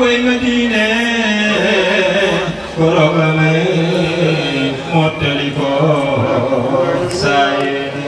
والمدينة قرب من متلفون سعيد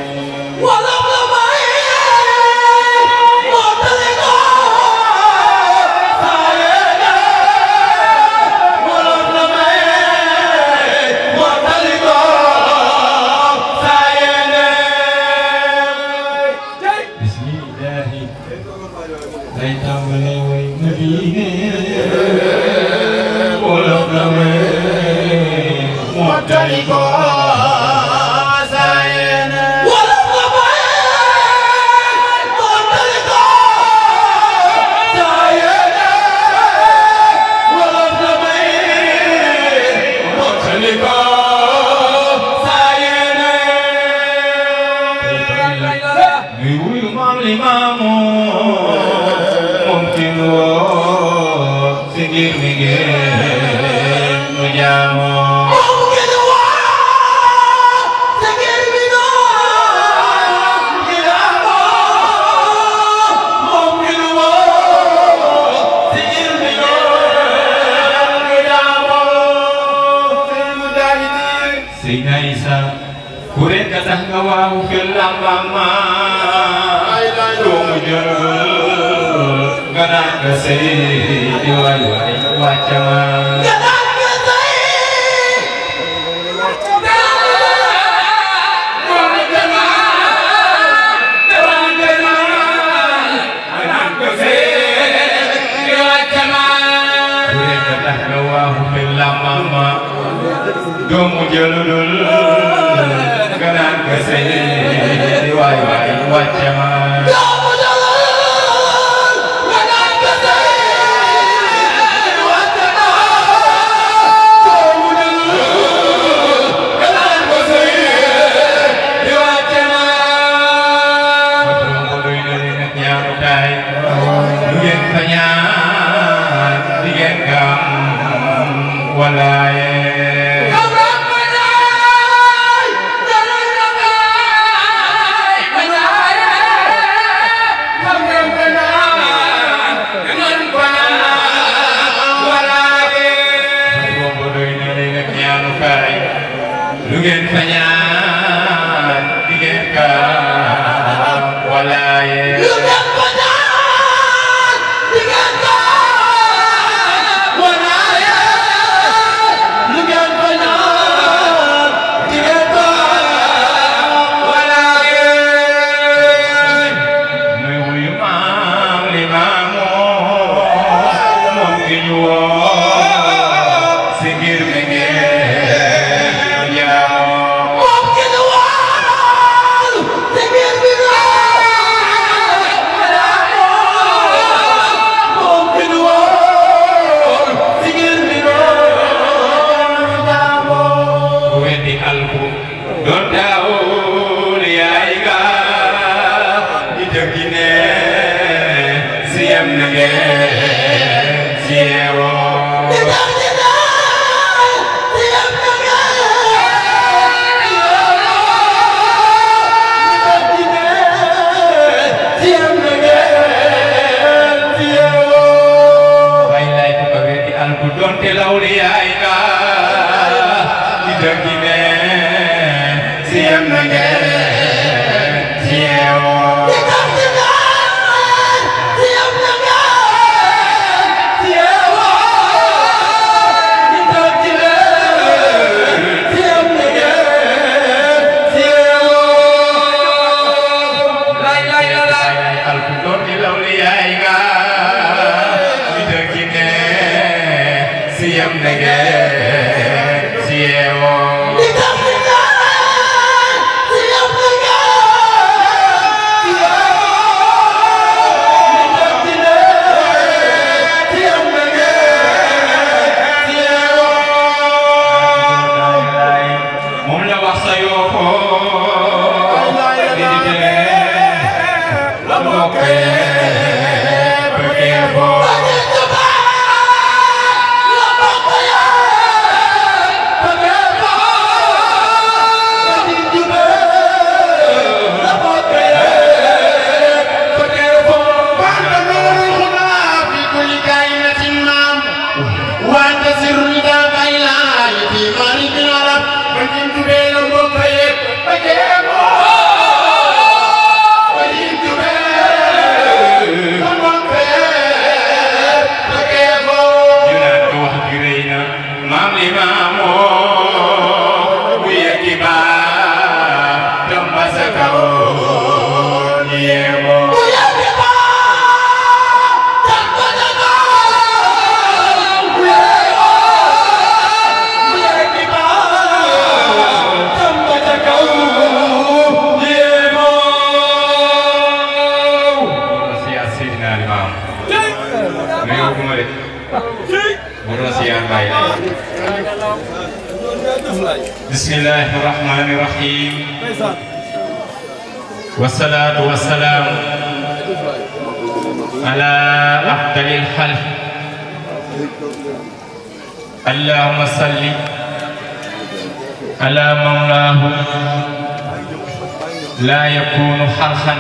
لا يكون حرخا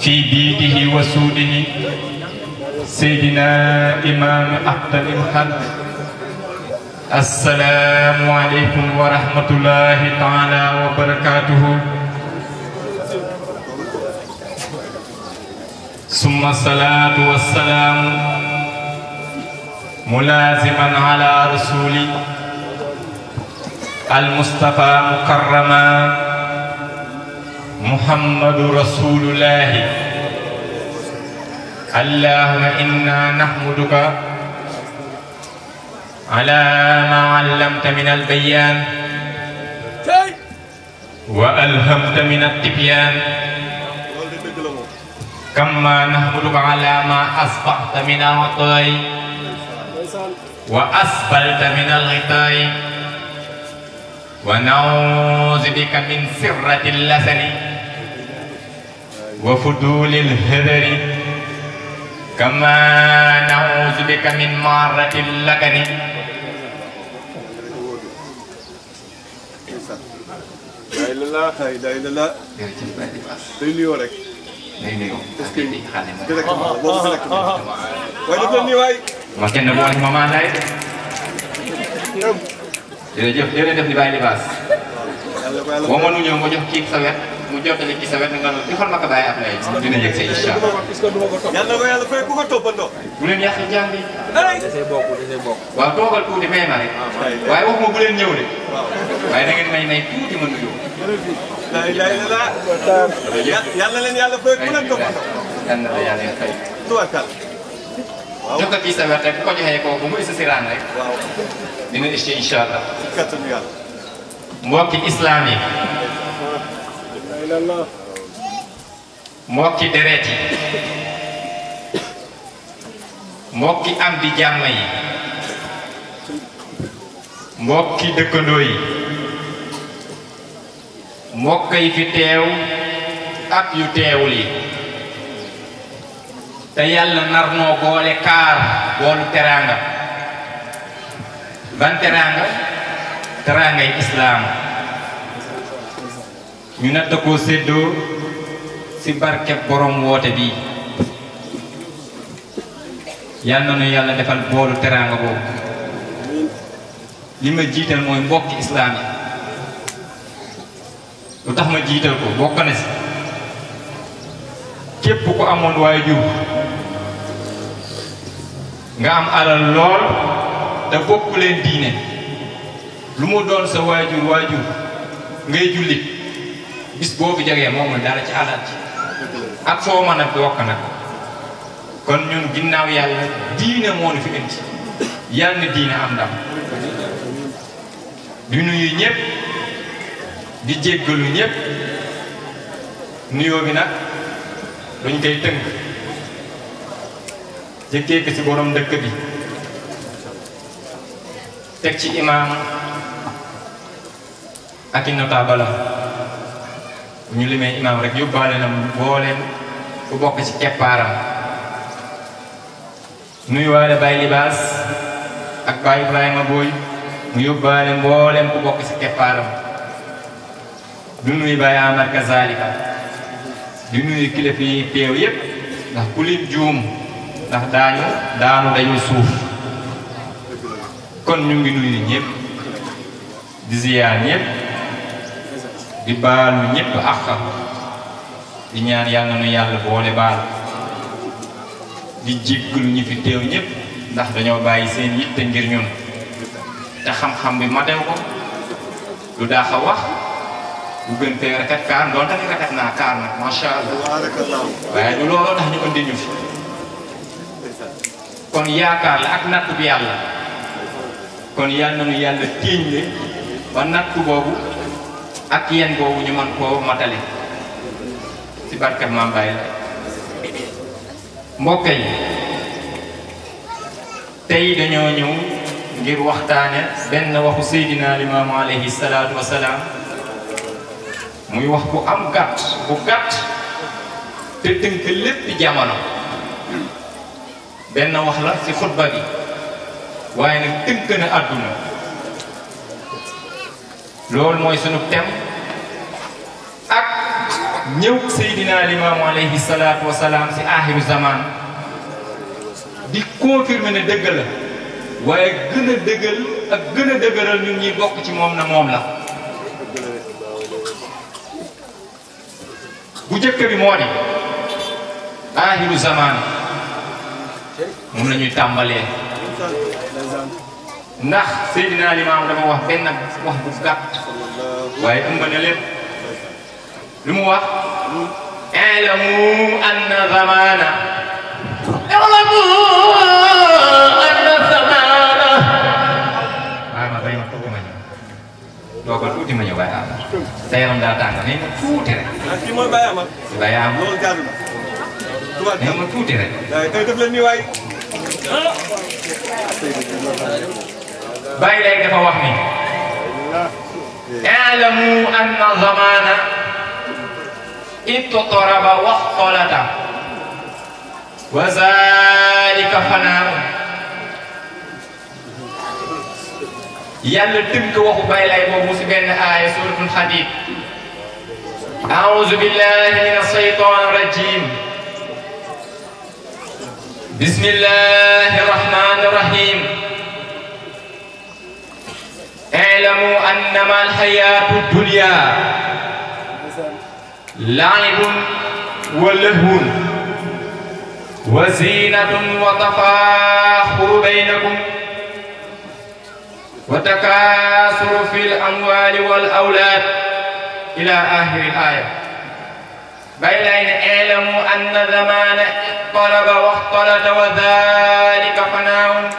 في بيته وسوده سيدنا إمام أفضل الخلق السلام عليكم ورحمة الله تعالى وبركاته ثم الصلاة والسلام ملازما على رسول المصطفى مكرما محمد رسول الله اللهم إنا نحمدك على ما علمت من البيان وألهمت من التبيان كما نحمدك على ما أصبحت من الغطاي وأسفلت من الغطاء ونعوذ بك من سرة اللسن وفضول الهذر كما نعوذ بك من مارة اللبن لا لا لا لا لا لا لا Makin nak buat mama lain. Jadi jadi jadi di bawah di bas. Waman unyong unyong kik sahaja. mu jottali ci sa wet nga noonu defal ma ko bàyyi Ablaye dina yegg sa incha allah. yal na ko yàlla fay ku ko toppandoo. bu leen yàq jàng yi. desee bokk desee bokk. waaw toogal tuuti may ma rek. Ah, waaye waxuma bu leen ñëw de. waaye da ngeen may may tuuti ma nuyoo. la ilaha illallah. yal na leen yàlla fay ku leen toppandoo. yal na la yàlla fay. tubarkal. waaw jokkal ci sa wet rek bu ko joxee kooku mu is si raan rek. dina is ci incha allah. mbokki islam yi. mbokki ki deret yi moo ki am di jàmm yi moo ki dëkkandoo yi moo fi teew ak yu teewul yi te yàlla nar noo boole kaar boolu teraanga ban teraanga teraangay islaam ñu nat ko seddo si barke borom wote bi yalla na yalla defal bolu teranga bo li ma jiital mooy mbokki islaam yi lu tax ma jital ko bokk na si képp ku amoon waaye nga am alal lol da bokku len diine lu mu doon sa wajur wajur ngay julit bis boobu jegee moomul dara ci alal ci ak soo mën a yokk nag kon ñun ginnaaw yàlla diine moo ñu fi indi yàlla na diine am ndam di nuyu ñëpp di jéggalu ñëpp nuyoo bi nag duñ koy tënk jëkkee ko ci boroom dëkk bi teg ci imaam ak i notable ñu limee imaam rek yóbbaale na mbooleem ku bokk ci keppaaram nuyuwaale Baye Libaas ak Baye Ibrahima Boy mu yóbbaale mbooleem ku bokk ci keppaaram du nuyu Baye Amar Kazalika du nuyu kilifa yi teew yépp ndax ku lim juum ndax daañu daanu dañuy suuf kon ñu ngi nuyu ñépp di ziyaar di baal nyep ak di ñaan yàlla iya kan, iya nu yalla boole baal di jikul ñi fi teew ñep ndax dañoo bayyi seen yitte ngir ñun ta xam-xam bi matew ko du da a wax bu gën fee rafet kaar do tax rafet na kaar ma sha allah waaye du looloo tax ñu andi ñu fi kon yaakaar la ak natt bi yalla kon yalla nu yàlla le ba natt bobu ak go boobu ñu mën ko matale ci barka ma Baay mbokay tay dañu ñu ngir waxtane ben waxu sayidina Limaamu alayhi salatu wassalam muy wax bu am gat bu gat te tënk di jamono ben wax la ci khutba bi waye nak teunk na aduna loolu mooy sunu thème ak ñëw Seydina Limaamu alayhi salaatu wa salaam si aaxiru zamaan di confirmer ne dëgg la waaye gën a dëggal ak gën a dëgëral ñun ñi bokk ci moom na moom la. bu njëkk bi moo di aaxiru zamaan moom la ñuy tàmbalee ndax Seydina Limaamu dama wax benn wax bu gàtt. waaye ëmb na lépp lu mu wax ilamu anna zamana ilamu anna zamana waaw ma bay ma tuuti ma ñëw toogal tuuti ma ñëw waaye am sa yaram daa tàng ne ma tuuti rek ah, kii mooy Baye Amar Baye Amar loolu jaadu na ne ma tuuti rek tey def leen nii waay Baye lay dafa wax ni اعلموا أن الزمان اضطرب واختلط وذلك فناء يلا تنك وخو باي لاي آية سورة الحديد أعوذ بالله من الشيطان الرجيم بسم الله الرحمن الرحيم اعلموا أنما الحياة الدنيا لعب ولهو وزينة وتفاخر بينكم وتكاثر في الأموال والأولاد إلى آخر الآية بين اعلموا أن زمان اقترب واختلط وذلك فناء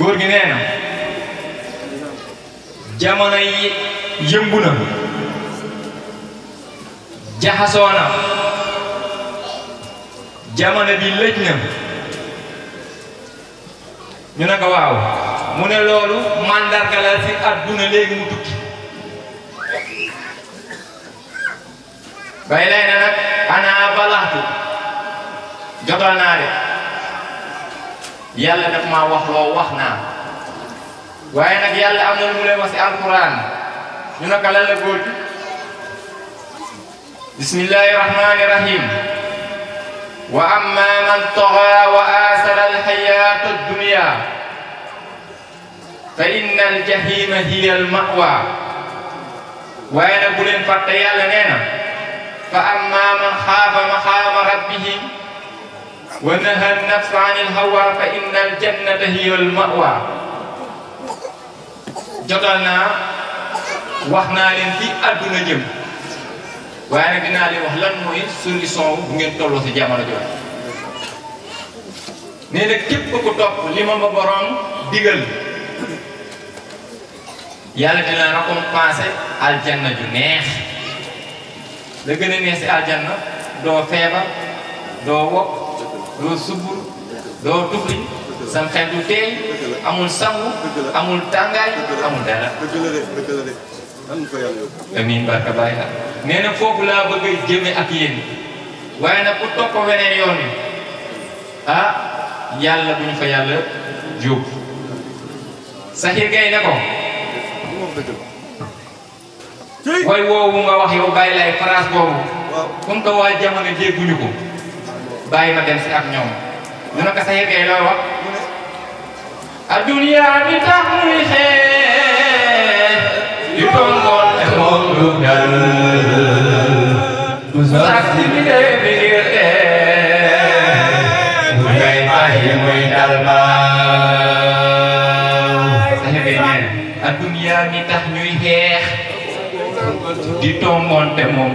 góor gi nee na jamono yi yëmbu na jaxasoo na jamono bi lëj na ñu ne ko waaw mu ne loolu màndarga la ci àdduna léegi mu tukki bay lay na nag ana balaxtu jotal naa de yàlla daf maa wax loo wax naa waaye nag yàlla am na lu mu lay wax si alquran ñu ne ka lan la góor gi bismillahi rahmani rahim wa amma man taxa wa aasara alxayaata addunia fa inna aljahima hiya almawa waaye nag bu leen fàtte yàlla nee na fa amma man xaafa maqaama rabbihi ونهى النفس عن الهوى فإن الجنة هي المأوى jotal naa wax naa leen fi àdduna jëm waaye nag dinaa leen wax lan mooy solution bu ngeen tolloo si jamono jooju nee na képp ku topp li ma ma borom yàlla dina récompenser aljanna ju neex la gën a neex si aljanna doo feebar doo wokk doo subur doo tufli sa xel du teey amul sangu amul tàngaay amul dara. amiin barka bàyyi la nee na foofu laa bëgg a ak yéen waaye nag ku topp weneen yoon yi ah yàlla bu ñu fa yàlla jóob saxiir gay ne ko way woowu nga wax yow bàyyi lay phrase boobu comme que waa jamono dégguñu ko Baik ma dem si ak ñoom ñu ne ko sa yeggee looy wax adduniya bi tax di ko ngoon te moom du dal du sax si biir biir du ngay bàyyi muy dal baaw sa yeggee di tomboon te moom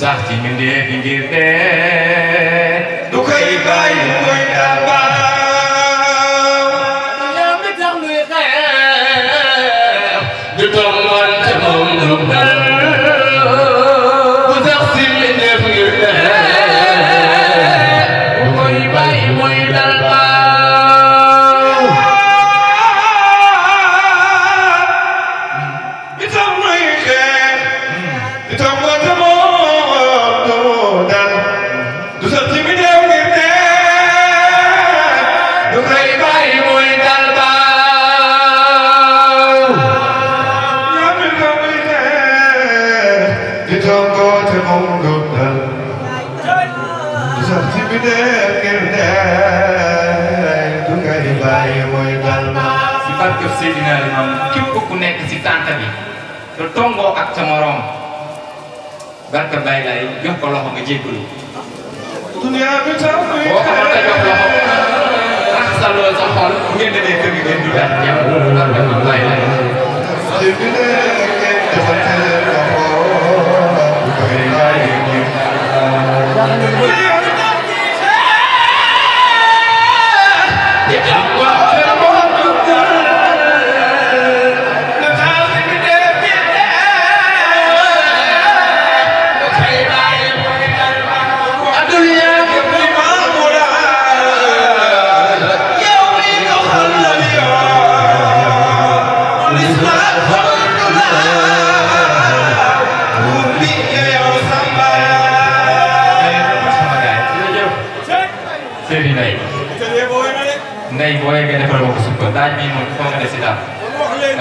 Dạ, mình sati mende bingirde dukai bai ngoi daba ya mitang lui khair dutom mon tamom được da ak sa morom barka Baye Laye jox ko loxo nga jéggalu. boo ko mënta jox loxo rax sa lool sa xol bu ngeen demee kër gi ngeen duggaat jàmm barka Baye Laye.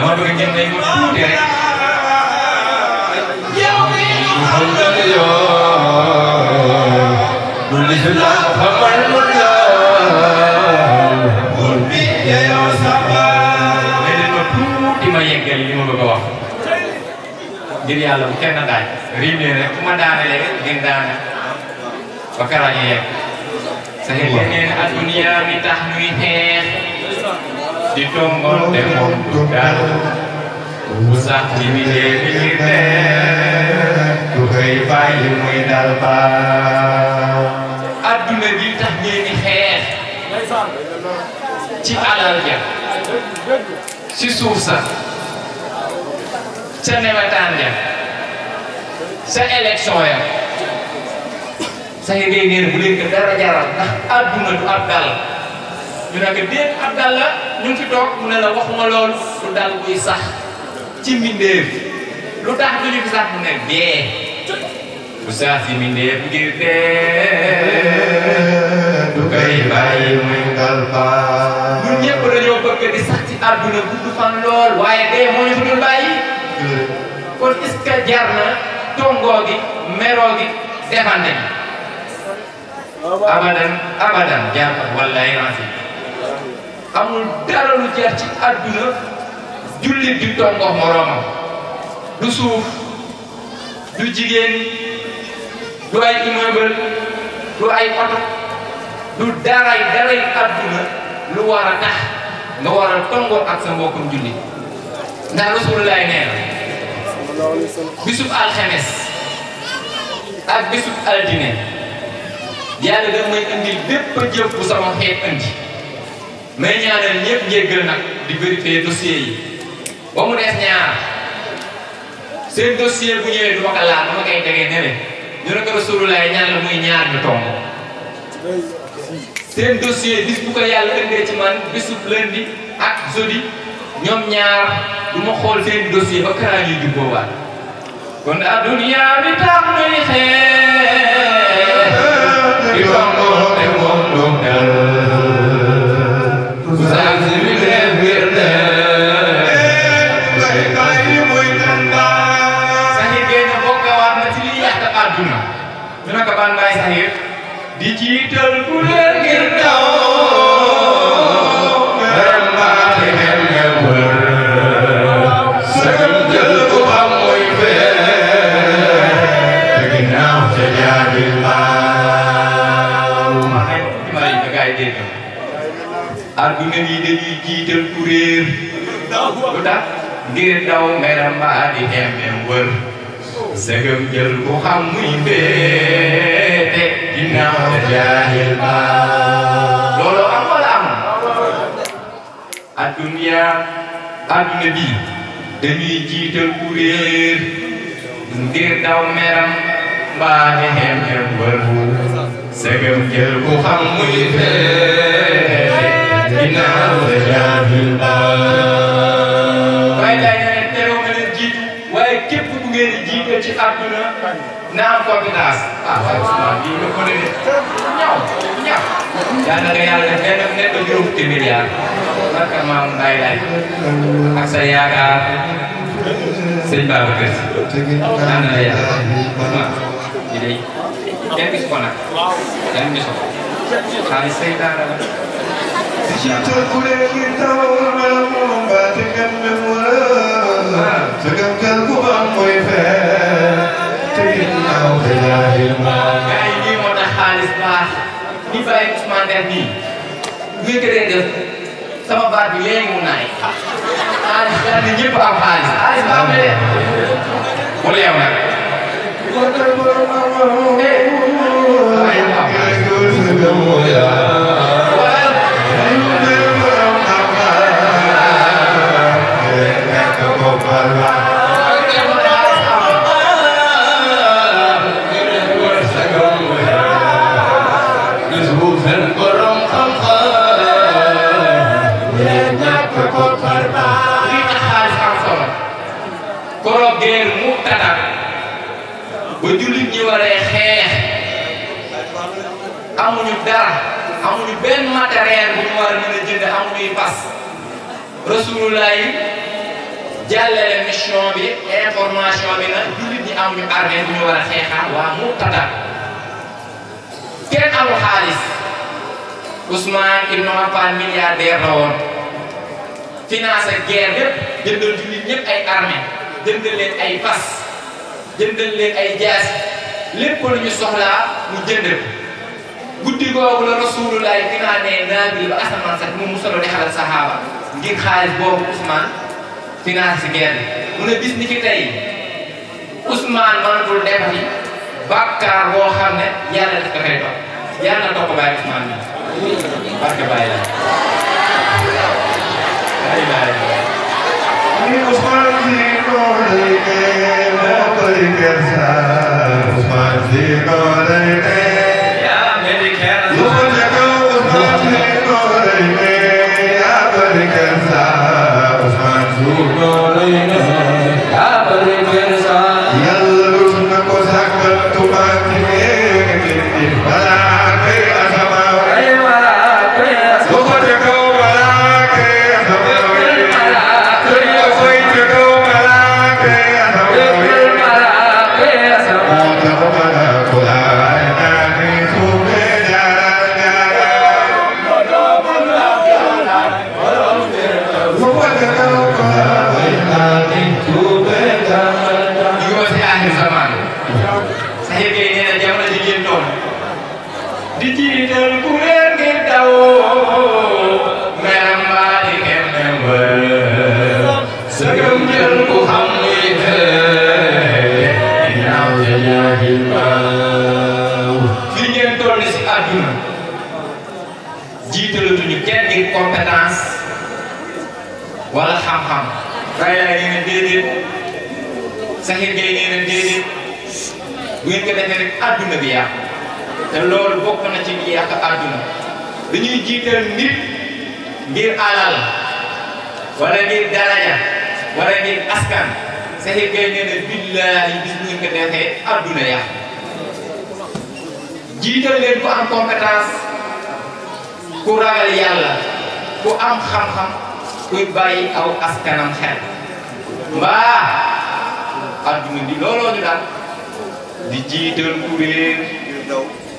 dama bëgg ngeen may ma tuuti rek. yow mii ñu xam nga ne yow. lu lislaam xamal mu la. mun bi yeyoo saba. nga leen ma tuuti ma yeggal li ma bëgg a wax. ngir yàlla bu kenn daaj. riim leen rek ku ma daanalee rek ngeen daana. ba karaañu yegg. sa xel nee na adduniyaa mi tax ñuy xeeñ. ditunggonte mondudar usah diwide-wide kuhai bayi muy dal ba aduna gi tax ngeen xeex ci alal ya Si susah sa sa newetaan ja sa ya saya neen bu leen ko dara jaral ndax aduna du ab dal ñu ne ñu ngi fi toog mu la waxuma loolu lu dal buy sax ci mbindeef lu tax du ñu sax mu ne dee bu sax ci mbindeef ngir dee du koy bàyyi muy ngal faa ñun ñëpp dañoo bëgg di sax ci àdduna gudd fan lool waaye dee moo ñu fi bàyyi kon est jar na tongoo gi meroo gi defande abadan abadan jar wallahi naa si amul dara jar ci àdduna jullit di tongox moroomam du suuf du jigéen du ay immeuble du ay oto du daray daray àdduna lu war a tax nga war a ak sa mbokkum jullit ndax rasulullaay nee bisub alxemes ak bisub altine yàlla damay indil bépp jëf bu sama xeet indi may ñaanal ñëpp njéggal nag di vérifier dossier yi ba mu des ñaar seen dossier bu ñëwee du ko laal dama koy tegee nene ñu ne ko Rasulullah la muy ñaar ñu tomb seen dossier bis bu ko yàlla ëndee ci ak jeudi ñoom ñaar du xool seen dossier ba karaa ñuy jubboowaat kon adduna bi tax nuy xeex di fangoo te moom du mel jiital kuréel ngir daw gërëm naa te ngeen ngeen wër sagam jël ku xam muy fee te ginnaaw ca jaabi laaw ma xëy ma lay nga gaay dégg argument yi dañuy jiital kuréel lu tax ngir daw meram maa di em em wër sagam jël ku xam muy fee inna lillahi al-mal loolu am wala am adduniya adduna bi dañuy jiital ku réer ngir daw meram mbaa xem xem wër sëgëm jël bu xam muy fee inna lillahi al-mal waaye daa ngeen teew nga leen jiitu ku ngeen jiital ci adduna naa am confidence ah waaye Ousmane lii nga ko defee ñaw ñaw. daanaka yàlla def benn nekk juróom fukki milliard barka maam Baay Laay ak sa yaakaar sëñ Babacar naan na la yàlla Ousmane lii day kenn gis ko nag kenn gis ko xaalis say daara la. ah. gars yi lii moo tax xaalis baax ni bàyyi Ousmane Deme nii bu ngeen def sama baat bi léegi mu naay xaalis daal di ñëpp am xaalis xaalis baax na de bu leew nag. waaye benn matériel bu mu war a mën jënd amuñuy pass rasulullah yi jàllale mission bi information bi nag jullit ñi amuñu armée bu ñu war a xeexaat waa mu tatar kenn amul xaalis Ousmane Ibn Affan milliardaire la woon financé guerre yëpp jëndal jullit ñëpp ay armée jëndal leen ay pass jëndal leen ay jaas lépp lu ñu soxlaa mu jënd guddi googu la rasulullah dinaa ne naabil ba asamaan sax mu musalo di xalal sahaaba ngir xaalis boobu Ousmane financé guerre bi mu ne bis ni ki tey Ousmane mënatul dem yi bàkkaar boo xam ne yàlla daf ko fay topp yàlla na topp bàyyi baay ni Ousmane si doole ne moo koy kersa Ousmane I ko sakkal tumak fi ngeen toll si alal wala daraja wala ngir askan Saxiir Gaye nee billaahi bis bu ngeen ko defee jiital leen ku am compétence ku ragal yàlla ku am xam-xam kuy bàyyi aw askanam xel mbaa adduna di looloo ñu daal di jiital kuréel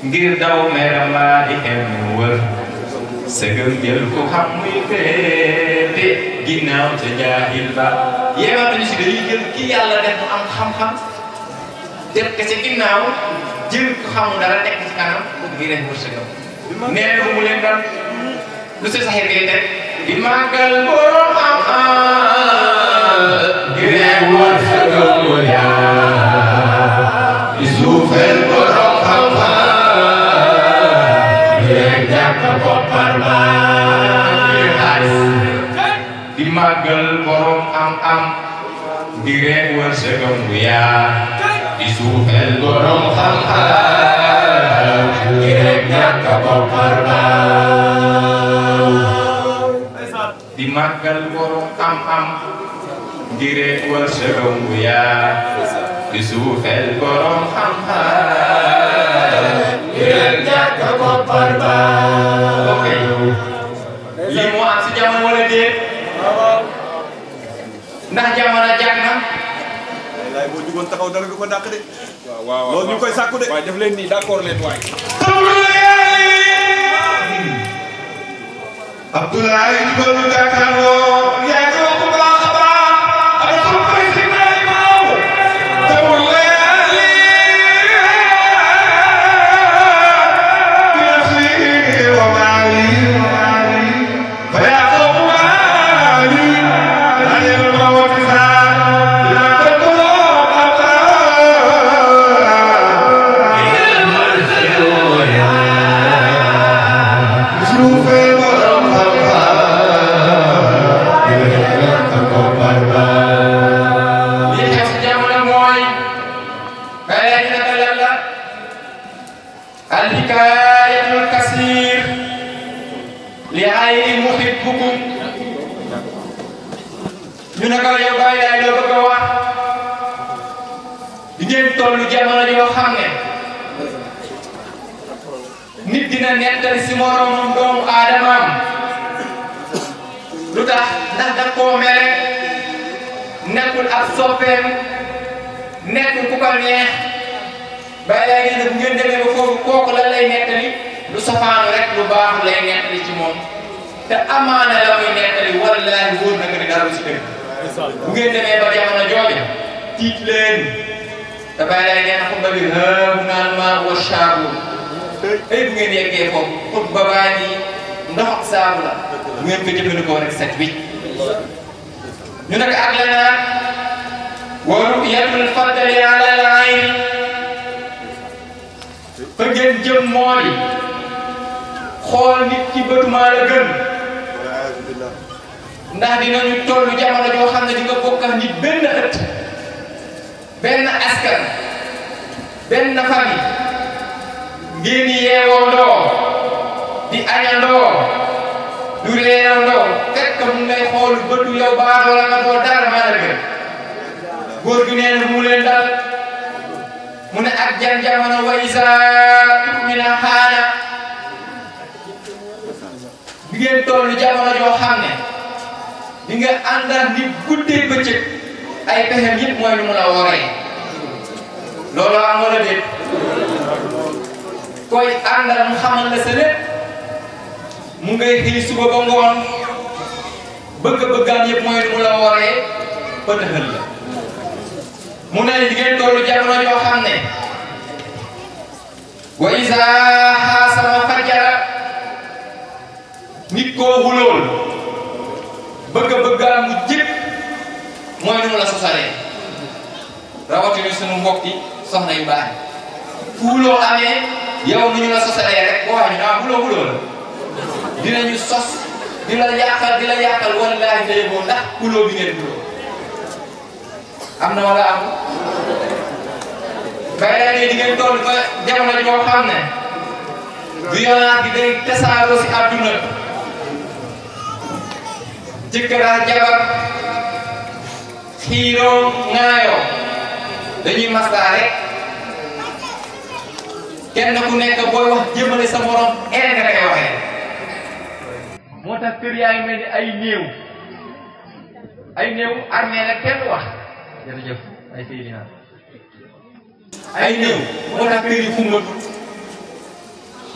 ngir daw meram laa di xel mu wër sëgëm jël ku xam muy féete ginnaaw ca jaahil ba yéemaat nañu si dañuy jël ki yàlla def mu am xam-xam def ko ci ginnaaw jël ku xamul dara nekk ci kanam di leen wërsëgam nee na mu leen dal lu si saxir ngay di màggal borom am-am di leen wërsëgam magel borong am-am direwa segeng ya disuhel borong ham-ham kireknya kabau kerbau di magel borong am-am direwa segeng ya disuhel borong ham-ham kireknya kabau kerbau Oke. Okay. Lima aksi jangan mulai dia. Dah jam mana jam ha? Lai bu juga tak ada kepada aku dek. Wow wow. Lo juga saku dek. Wajib leh ni dah kor leh tuai. Abdullah juga lu tak ya. toll jamono yoo xam ne nit dina nettali si moroomam doomu aadamaam lu tax ndax da koo mere nekkul ak soppeem nekkul ku ko neex ba léegi nag ngeen demee ba foofu kooku lay nettali lu safaanu rek lu baax lay nettali ci moom te amaana la muy nettali wallaahi wóor na nga ni dara si dëgg bu ngeen demee ba jamono jooju tiit leen. te bàyyi lay ngeen xutba bi haamu naan maa wa saabu ay bu ngeen yeggee foofu xutba baa ngi ndox ak saabu la bu ngeen ko jëfandikoo rek set wi ñu ne ko ak la naan wa ru'yatul fadli ala al ayn fa ngeen jëm mooy xool nit ci bëtu maa la gën ndax dinañu toll jamono joo xam ne di nga bokk ak nit benn ëtt benn askan benn famille ngeen yeewoo ndoo di añandoo du reerandoo fekk mu ngay xool bëtu yow baadoo la nga doo dara maa la góor gi nee na mu leen dal mu ne ak jan jamono wa isa tumina xaana bi ngeen toll jamono joo xam ne di àndal nit guddee bëccëg ay pexem yëpp mooy nu mu la wooree loolu am wala déet koy àndal mu xamal la sa lépp mu ngay xëy suba ba ngoon bëgg-bëggaan yëpp mooy nu mu la wooree ba la mu ne ngeen tollu jamono yoo xam ne wa isa xaasama fajara nit koo xulool bëgg-bëggaan mu jë moy nu la sosare sosaree rawatina sunu mbokk yi soxna yu baax yi fuuloo amee yow nu ñu la sosare rek bo xam ne ah buloo buloo la dinañu sos di la yàqal di la yàqal wallaahi te yëgoo ndax buloo bi ngeen buloo am na wala am bayal yi di ngeen tol ba jamono joo xam ne violence bi day tasaaroo ci aduna ci kara jabar xiiroo ŋaayoo dañuy maslaa rek kenn ku nekk booy wax jëmale sa morom ere nga koy waxee moo tax kër yaa ngi mel ni ay néew ay néew armée la kenn wax ay fii li ay néew moo tax kër yi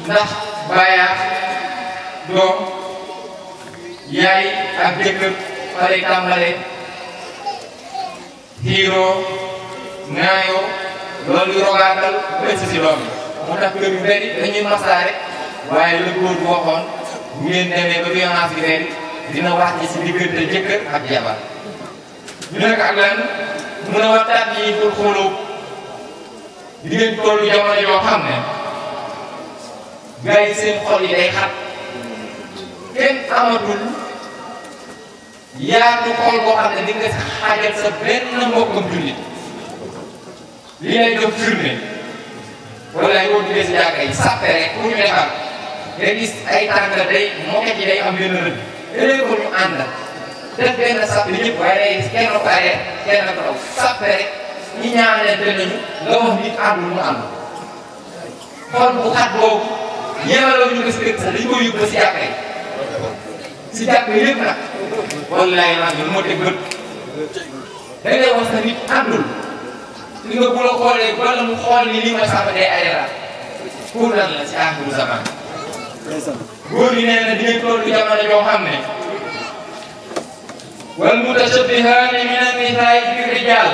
ndax bàyyaat doom yaay ak jëkkër fa lay tàmbalee xiiroo ŋaayoo loolu yu rogaatal bëcc si doom moo tax kër yu bëri dañuy masaa rek waaye la bu waxoon bu ngeen demee ba violence bi bëri dina wax ci si diggante jëkkër ak jabar ñu ne ko mun a wax yi pour xooloo di ngeen tollu jamono yoo xam ne gars yi seen xol yi day xat kenn amatul. yaa ngi xool boo xam di nga xaajal sa benn mbokkum jullit li lay jox firnde wala yow duggee si jàkka yi rek ku ñu defar gis ay tànk day moket yi day am benn rëdd ëllëg ko ñu ànd def benn sàppe ñëpp waaye kenn ko kenn ko rek ñi nga wax nit mu bu xat boobu ñeemaloo ñu ko si dëkk sax dañu koy yóbbu wallaay naa ngi moo teg bët da mu xool ni li ma sàmm day ayara pour lan la si aaxiru zaman góor yi nee na dinañ toll jamono joo xam ne wal mutashabbihaani min annisaai bi rijaal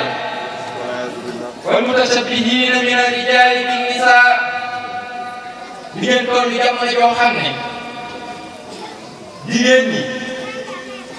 wal mutashabbihiina min arrijaali bi nisaa di ngeen toll jamono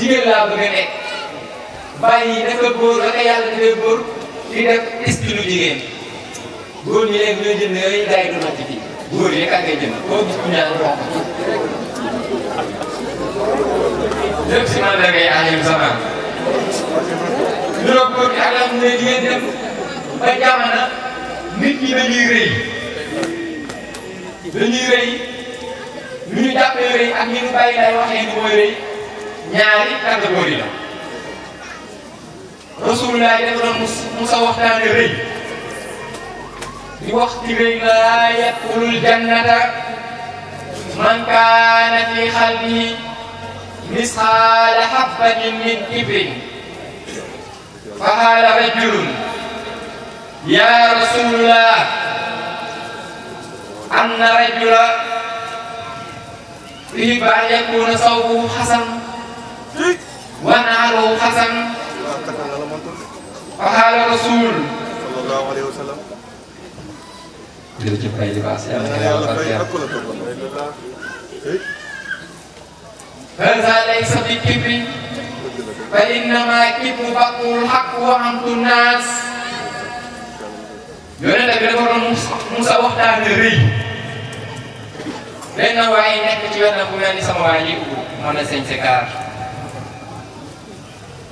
jigéen laa bëgg a nekk bàyyi naka góor naka yàlla defee góor di def style jigéen góor ñi léegi ñooy jënd yooyu gars yi du natt fii góor yi kan ngay jënd koo gis ku ñaar dox lépp si man da ngay àññeem sama ndox góor ak la mu ne jigéen dem ñu jàppee bàyyi lay waxee ni mooy rëy. Nyari kategori. ko rasulullah dem do musa waxtane reuy di wax ci reuy la yaqulul jannata man kana fi khalbi misal min ibrin fa hala ya rasulullah anna rajula fi ba'yakuna sawbu hasan ونعله حسن فقال رسول صلى الله عليه وسلم jërëjëf ay libaas yàlla na yàlla barke هذا ليس بالكبر فإنما الكبر بطن الحق وعمد الناس yonent bi dafa doon Moussa waxtaane rëy benn waay nekk ci wetam bu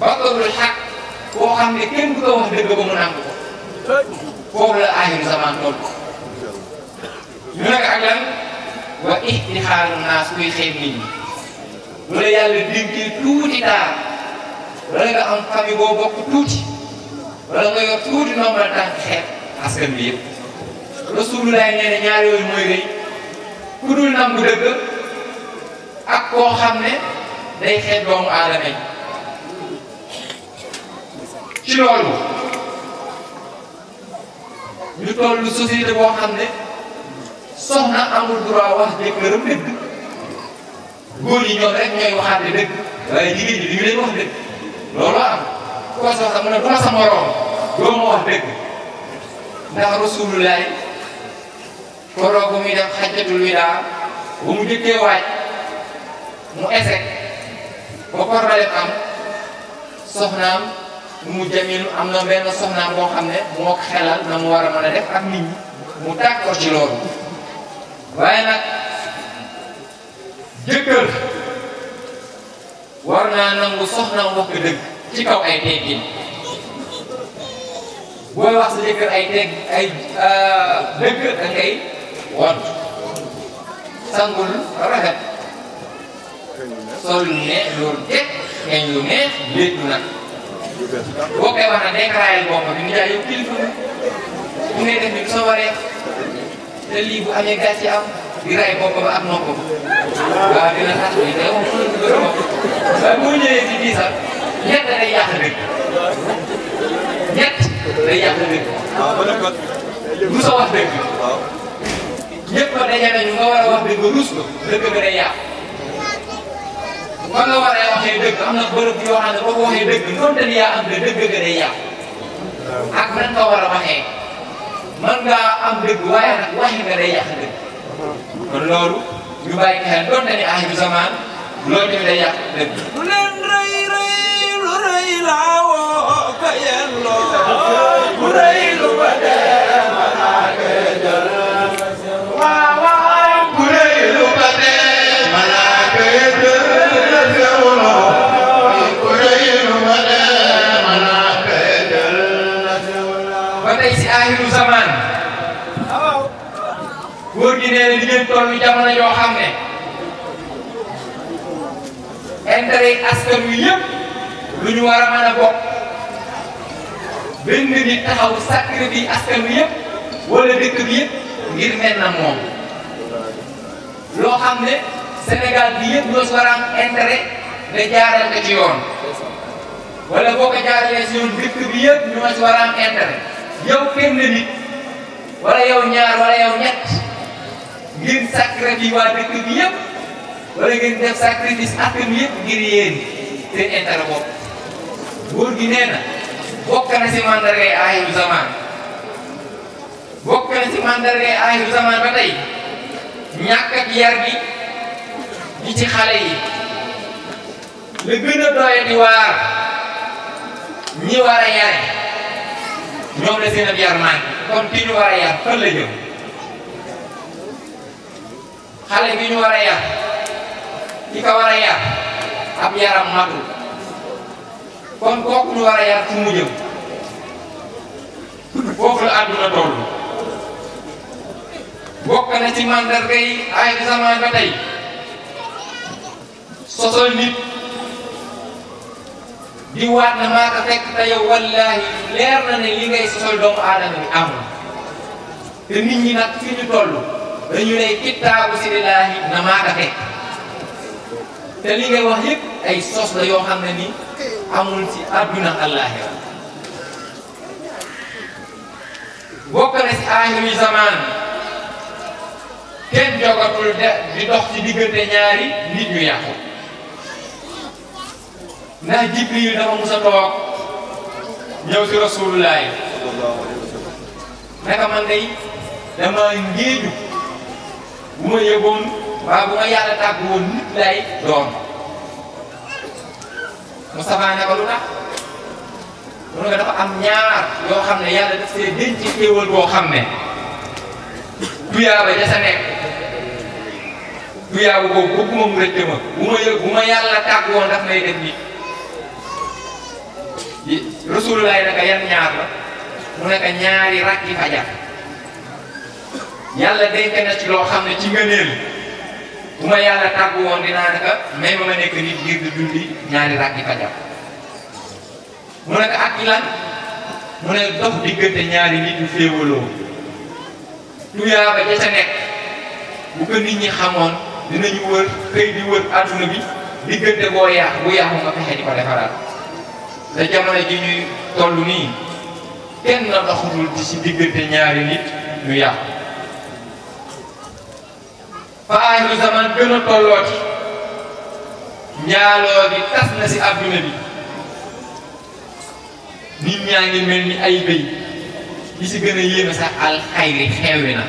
batalul xaq koo xam ne kenn ku ko wax dëgg ba mu nangu ko foofu la aaxiru zaman toll ñu nekk ak lan wa ixtixaaru naas kuy xeeb nit ñi bu la yàlla dénkee tuuti taar wala nga am famille boo bokk tuuti wala nga yor tuuti nombre tànk xeeb askan bi yëpp Rasulullah nee na ñaar yooyu mooy rëy ku dul nangu dëgg ak koo xam ne day xeeb doomu aadama yi ci loolu ñu toll société boo xam ne soxna amul droit wax jëkkëram dëgg góor yi ñoom rek ñooy waxaate dëgg waaye jigéen ñi li ñu leen wax dëgg loolu am ko sox sax mu ne du sa moroom doo wax dëgg ndax rasulullaay koroo bu muy def xajjatul widaa ba mu jëkkee waaj mu esek ba kor ba am soxnaam mu jamilu am na benn soxnaam boo xam ne moo xelal na mu war a mën a ak nit ñi mu d'accord ci loolu waaye nag jëkkër war naa nangu soxnaam wax dëgg ci kaw ay teggin booy wax sa jëkkër ay teg ay euh, dëgg da ngay won sangul rafet sol ne loolu teg ngañ lu neex léegi nag boo koy wax nag day xaraayal boppam ñu ngi jaay yow kilifa bu ngay def ni du sa waree te lii bu amee gàcce am di ray boppam ak noppam waaw dina tax ñu te moom fële bu gën a bopp waaye boo ñëwee ci ñett day yàq dëgg ñett day yàq dëgg. waaw ba nag du sa wax dëgg. waaw ñëpp ba daje nañu nga war a wax dëgg ruus ko dëgg ba day yàq. fan la war a waxee dëgg am na bërëb yoo xam ne boo dëgg donte ni am de dëgg ga ak nan nga war a mën ngaa am dëgg waaye nag waxi nga dëgg kon loolu ñu bàyyi xel woo ko yelloo aaxiru zamaan góor gi nee na di ngeen toll jamono yoo xam ne intérêt yi askan wi yëpp lu ñu war a mën a bokk benn nit taxaw sacré bi askan wi yëpp wala dëkk bi yëpp ngir mel na moom loo xam ne Sénégal bi yëpp ñoo si war a am intérêt da jaaral ko ci yoon wala boo ko jaaralee yoon dëkk bi yëpp ñoo si war am intérêt. yow fenn nit wala yow ñaar wala yow ñett ngeen sacrifice wa dëkk bi yëpp wala ngir def sacrifice atum yëpp ngir yeen seen intérêt bok wor gi nee bokk na ci si mandargay aaxiru zaman bokk na ci si mandargay aaxiru zaman ba tay ñak ak yar gi di ci xalé yi le gëna a di war ñi wara yaré ñom la seen biar yar man kon ki ñu wara yar fa la jëm xalé bi ñu wara yar ki ka wara yar am yaram matul kon kok ñu wara yar ci mu jëm bokku la àdduna toll bokk na ci mandar yi ay sama ba tey sosol nit di waat na maa ko fekk te yow wallaahi leer na ne li ngay sosol doomu aadama bi amul te nit ñi nag fi ñu toll dañu lay kitaabu si lillaahi na maa ko fekk te li ngay wax yëpp ay sos la yoo xam ne ni amul ci adduna àllaaxira bokk na si aaxiru zamaan kenn jogatul di dox ci diggante ñaari nit ñu yàqu ndax Jibril dafa mus a toog ñëw ci Rasulullah naka man day dama ngéeju bu ma yëgoon mbaa bu ma yàlla tàggu woon nit lay doon Moustapha ne ko lu tax mu ne dafa am ñaar yoo xam ne yàlla daf see denc xéewal boo xam ne tuyaaba ja sa nekk tuyaaba boobu bëgguma mu rëcc ma ma yëg bu ma yàlla tàggu woon daf may def rasulullah naka yan ñaar la mu nekk ñaari rakki fajar yàlla denk na ci loo xam ne ci ngëneel bu ma yàlla tàggu woon dinaa naka may ma ma nekk nit ngir di julli ñaari rakki fajar mu nekk ak lan mu ne dox diggante ñaari nit yu féewaloo tuyaaba ja ca nekk bu ko nit ñi xamoon dinañu wër xëy di wër adduna bi diggante boo yàq bu yàqu nga fexe di ko defaraat te jamono ji ñuy toll nii kenn doxutul ci si diggante ñaari nit ñu yàqu fa aaxiru zaman gën a tollooti njaaloo gi tas na si adduna bi nit ñaa ngi mel ni ay béy li ci gën a yéeme sax alxayri xewi na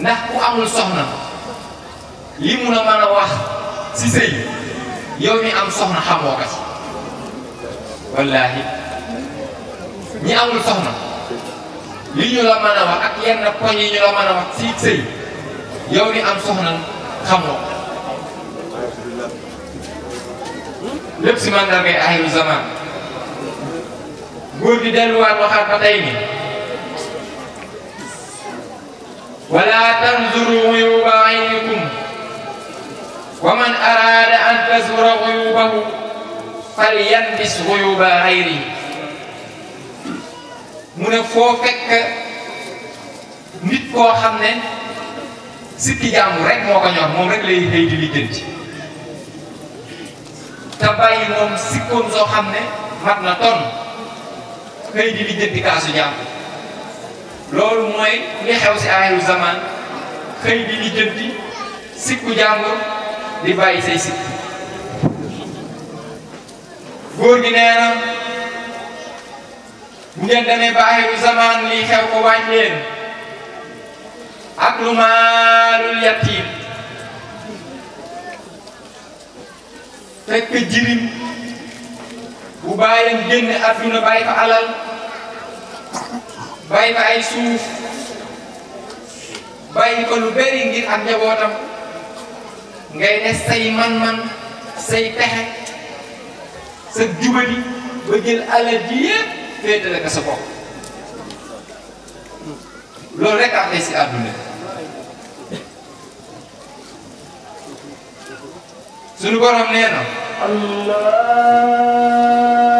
ndax ku amul soxna li mun a mën a wax si sëy yow mi am soxna xamoo ko wallaahi ñi amul soxna li ñu la mën a wax ak yenn poñ yi ñu la mën a wax si sëy yow ni am soxna xamoo lépp si màndargay axiru zaman góor gi delluwaat waxaat ba tey ni wala tanzuru uyuba aynikum wa man arada an tazura uyubahu falyanbis guyuba xayri mu ne foo fekk nit koo xam ne sikki jàmbur rek moo ko ñor moom rek lay xëy di lijjanti te bàyyi moom sikkoom soo xam ne mat na ton xëy di lijjanti kaasu jàmbur loolu mooy li xew si aaxiru zaman xëy di lijjanti sikku jàmbur di bàyyi say sikk góor gi nee na bu ngeen demee ba axiru lii xew ko wàññi leen ak lu maalul yatiim fekk jirim bu bàyyam génn adduna bàyyi fa alal bàyyi fa ay suuf bàyyi ko lu bëri ngir ak njabootam ngay des say man-man say pexe sa jubadi ba jël alal ji yëpp féetale ko sa bopp loolu rek am na si àdduna suñu borom nee na allah